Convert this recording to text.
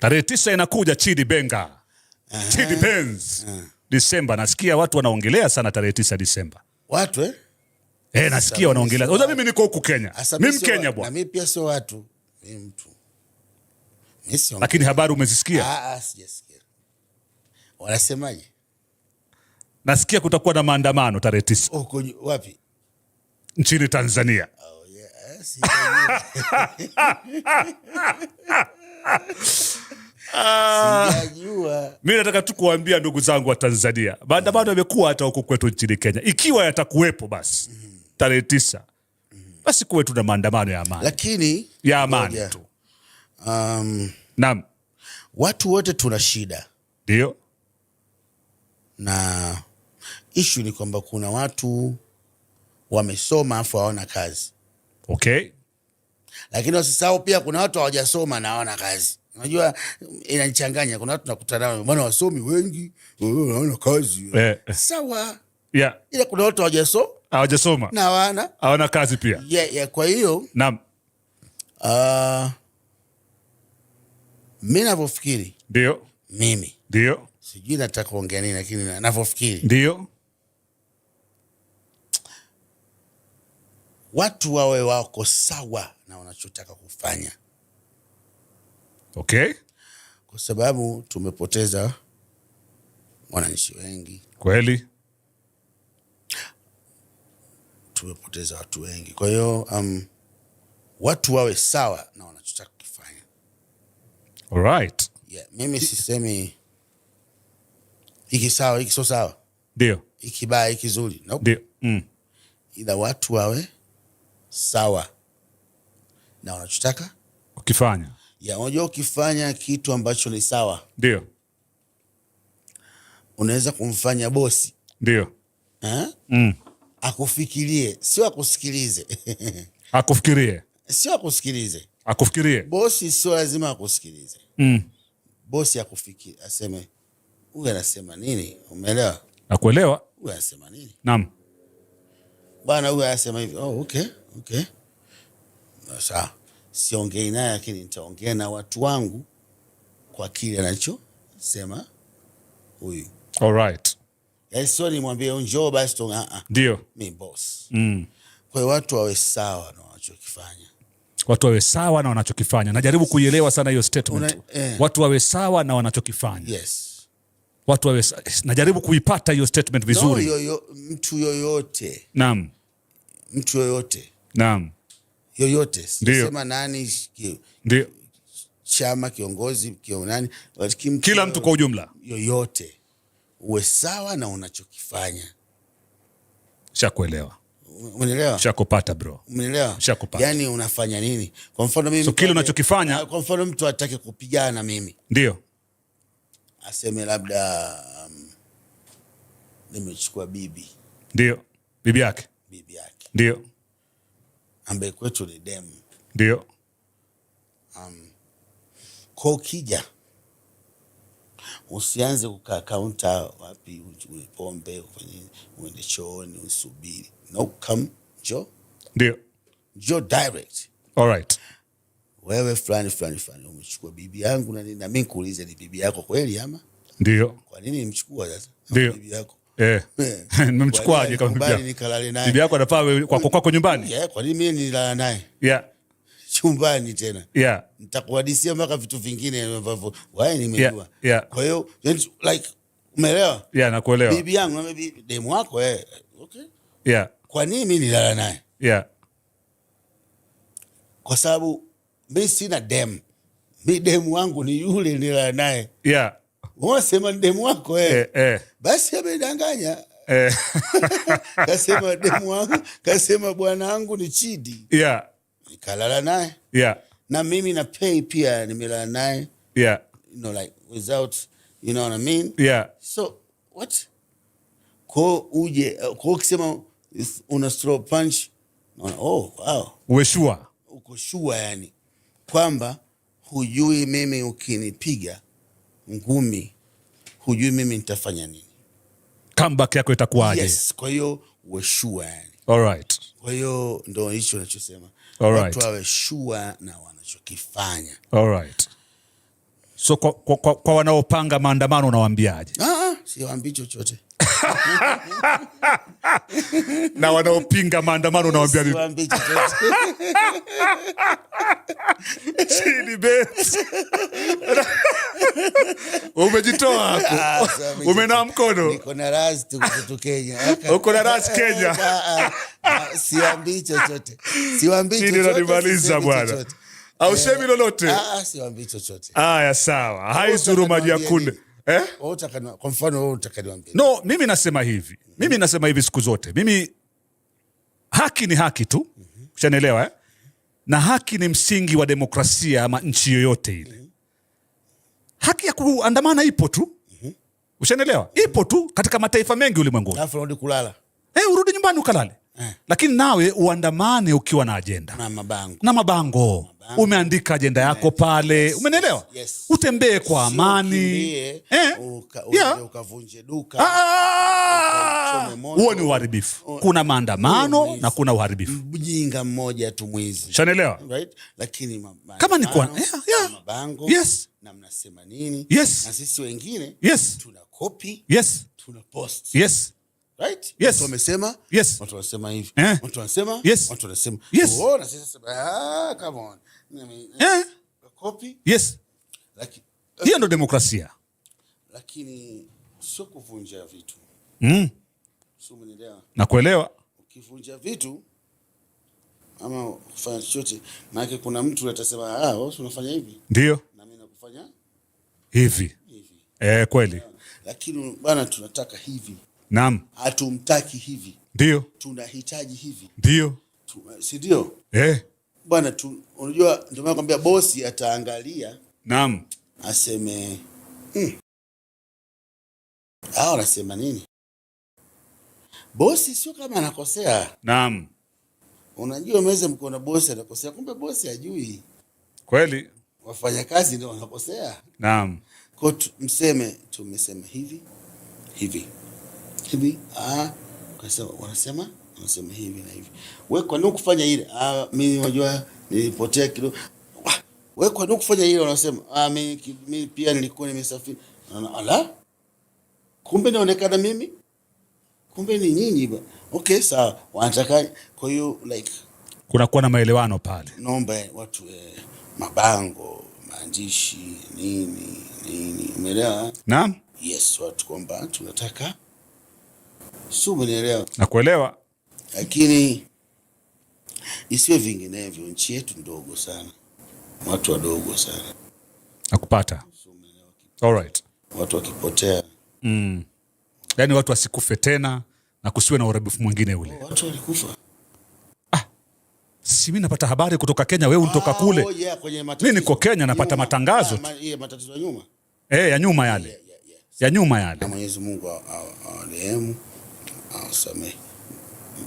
Tarehe tisa inakuja Chidi Benga. Chidi Benz. Disemba nasikia watu wanaongelea sana tarehe tisa Disemba. Watu eh? Eh, nasikia wanaongelea. Unajua mimi niko huku Kenya. Ah, mimi Mkenya bwana. Na mimi pia sio watu. mtu. Lakini habari umezisikia? Ah, ah, Wanasemaje? Nasikia kutakuwa na maandamano tarehe tisa. Oh, wapi? Nchini Tanzania. Oh, yeah. Eh, mi nataka tu kuwambia ndugu zangu wa Tanzania, maandamano yamekuwa hata huku kwetu nchini Kenya. Ikiwa yatakuwepo basi tarehe tisa, basi kuwe tu na maandamano ya amani, lakini ya amani tu. Um, nam watu wote tuna shida, ndio, na ishu ni kwamba kuna watu wamesoma afu hawana kazi. Okay. Lakini wasisahau pia kuna watu hawajasoma na hawana kazi. Unajua inanichanganya, kuna watu nakutana nao, maana wasomi wengi hawana kazi. Eh. Sawa, yeah. Ila kuna watu hawajasoma hawajasoma na hawana hawana kazi pia, yeah, yeah. Kwa hiyo naam, uh, mi navyofikiri ndio mimi ndio sijui nataka kuongea nini, lakini navyofikiri ndio watu wawe wako sawa na wanachotaka kufanya okay, kwa sababu tumepoteza wananchi wengi kweli, tumepoteza watu wengi. Kwa hiyo um, watu wawe sawa na wanachotaka kufanya. All right. Yeah, mimi sisemi hiki sawa hiki sio sawa, ndio hiki baya hiki zuri, nope. Ndio. Mm. Ila watu wawe sawa na wanachotaka ukifanya. Ya, unajua ukifanya kitu ambacho ni sawa, ndio unaweza kumfanya bosi ndio mm. akufikirie, sio akusikilize akufikirie, sio akusikilize, akufikirie. Bosi sio lazima akusikilize mm. Bosi akufikiri, aseme huyu anasema nini, umeelewa? Nakuelewa. Huyu anasema nini? nam bwana, huyu anasema hivi. Oh, okay Okay. Sawa, siongei naye lakini nitaongea na watu wangu kwa kile anachosema huyu. All right. Yes, eh, so nimwambie njoo basi tunga. Ah, ah. Ndio. mi boss. Mm. Kwa hiyo watu wawe sawa na wanachokifanya. Watu wawe sawa na wanachokifanya. Najaribu kuielewa sana hiyo statement. Una, eh. Watu wawe sawa na wanachokifanya. Yes. Watu wawe sawa. Eh, najaribu kuipata hiyo statement vizuri. No, yoyo, mtu yoyote. Naam. Mtu yoyote naam, yoyote sema nani, ndio chama, kiongozi kionani kila mtu kwa ujumla, yoyote uwe sawa na unachokifanya. Shakuelewa, Shakupata bro, Shakupata yani unafanya nini? Kwa mfano mimi, so kile unachokifanya, ah, kwa mfano mtu atake kupigana mimi, ndio aseme labda um, nimechukua bibi, ndio bibi yake, bibi yake ndio ambaye kwetu ni dem ndio um, kwa ukija usianze kukaa kaunta wapi uipombe ufanye uende chooni usubiri. No, come njo ndio njo direct. All right, wewe fulani fulani fulani umechukua bibi yangu na nini, na mimi ni bibi yako kweli ama ndio? Kwa nini nimchukua sasa bibi yako? Eh. Eh. Nimemchukuaje kama bibi yako kwako kwako nyumbani? Eh, kwa nini mimi nilala naye chumbani tena? Nitakuhadisia mpaka vitu vingine ambavyo wewe nimejua. Kwa hiyo like, umeelewa? Nakuelewa bibi yangu na bibi demu wako eh. Okay. Yeah. Kwa nini mimi nilala naye? Yeah. Kwa sababu sina demu, mi demu wangu ni yule nilala naye. Yeah. Unasema ni demu wako eh. Eh, eh. Basi amedanganya eh. kasema demu wangu kasema bwana wangu ni Chidi yeah. Nikalala naye yeah. Na mimi na pei pia nimelala naye yeah. You know, like without you know what I mean yeah. So what ko uje ko ukisema una straw punch una, oh, wow. Uko yani kwamba hujui mimi ukinipiga ngumi hujui mimi nitafanya nini comeback yako itakuwaje? Yes, kwa hiyo weshua yani. Alright. Kwa hiyo ndo hicho nachosema. Alright. Watu wawe na wanachokifanya. Alright. So kwa, kwa, kwa, kwa wanaopanga maandamano unawaambiaje? Ah, ah siwaambii chochote. na wanaopinga maandamano unawaambia nini? Chini umejitoa hapo ah, umenaa mkono na ras tu kenya uko na ah, ah. chochote siwambii bwana ausemi eh, lolote chochote haya sawa haizuru ya kunde eh? No, mimi nasema hivi. Mimi mm-hmm. nasema hivi siku zote. Mimi haki ni haki tu. Mm-hmm. Ushanielewa eh? Na haki ni msingi wa demokrasia ama nchi yoyote ile. Mm-hmm kuandamana ipo tu mm Ushanelewa, mhm. ipo tu katika mataifa mengi ulimwenguni, eh, urudi nyumbani ukalale. Eh. lakini nawe uandamane ukiwa na ajenda na mabango, na mabango. mabango. Umeandika ajenda yako yes. pale umenielewa yes. utembee kwa amani eh? ah! huo ni uharibifu. Kuna maandamano na kuna uharibifu. Mjinga mmoja tu mwizi, right? Lakini mabango, kama ni kwa yeah, yeah. mabango yes. na mnasema nini yes. na sisi wengine yes. tuna copy yes. tuna post yes hiyo ndo demokrasia. Lakini sio kuvunja vitu. Mm. Sio Nakuelewa. Ukivunja vitu ama kufanya chochote, manake kuna mtu atasema ah, unafanya hivi. Ndio. nami nakufanya hivi. Hivi. Eh, kweli. Lakini tunataka hivi. Naam. Hatumtaki hivi. Ndio. Tunahitaji hivi. Ndio. Si ndio? Eh. Bwana tu unajua ndio maana kwambia bosi ataangalia. Naam. Aseme hmm. Ah, anasema nini? Bosi sio kama anakosea. Naam. Unajua mweze mkuona bosi anakosea, kumbe bosi hajui. Kweli wafanyakazi ndio wanakosea. Naam. Kwa mseme tumesema hivi hivi hivi ah, kasema wanasema wanasema hivi na hivi, wewe kwa nini kufanya ile? Ah, mimi unajua nilipotea kidogo. Wewe kwa nini kufanya ile? Wanasema ah, mimi mimi pia nilikuwa nimesafiri. Ala, kumbe naonekana mimi, kumbe ni nyinyi ba. Okay, sawa, wanataka kwa hiyo like kunakuwa na maelewano pale, naomba watu eh, mabango maandishi nini nini, umeelewa? Eh? Naam, yes, watu kwamba tunataka Sio, umenielewa? Nakuelewa, lakini isiwe vinginevyo. Nchi yetu ndogo sana, watu wadogo sana. Nakupata. All right. Watu wakipotea mm. Yaani watu wasikufe tena na kusiwe na urabifu mwingine ule. Oh, watu walikufa. Ah. si mimi napata habari kutoka Kenya, wewe unatoka ah, kule. Oh, yeah, niko Kenya napata nyuma, matangazo ah, ma, yeah, matatizo ya nyuma. Eh, ya nyuma yale yeah, yeah, yeah. Ya nyuma yale na Mwenyezi Mungu awarehemu. 啊，上面。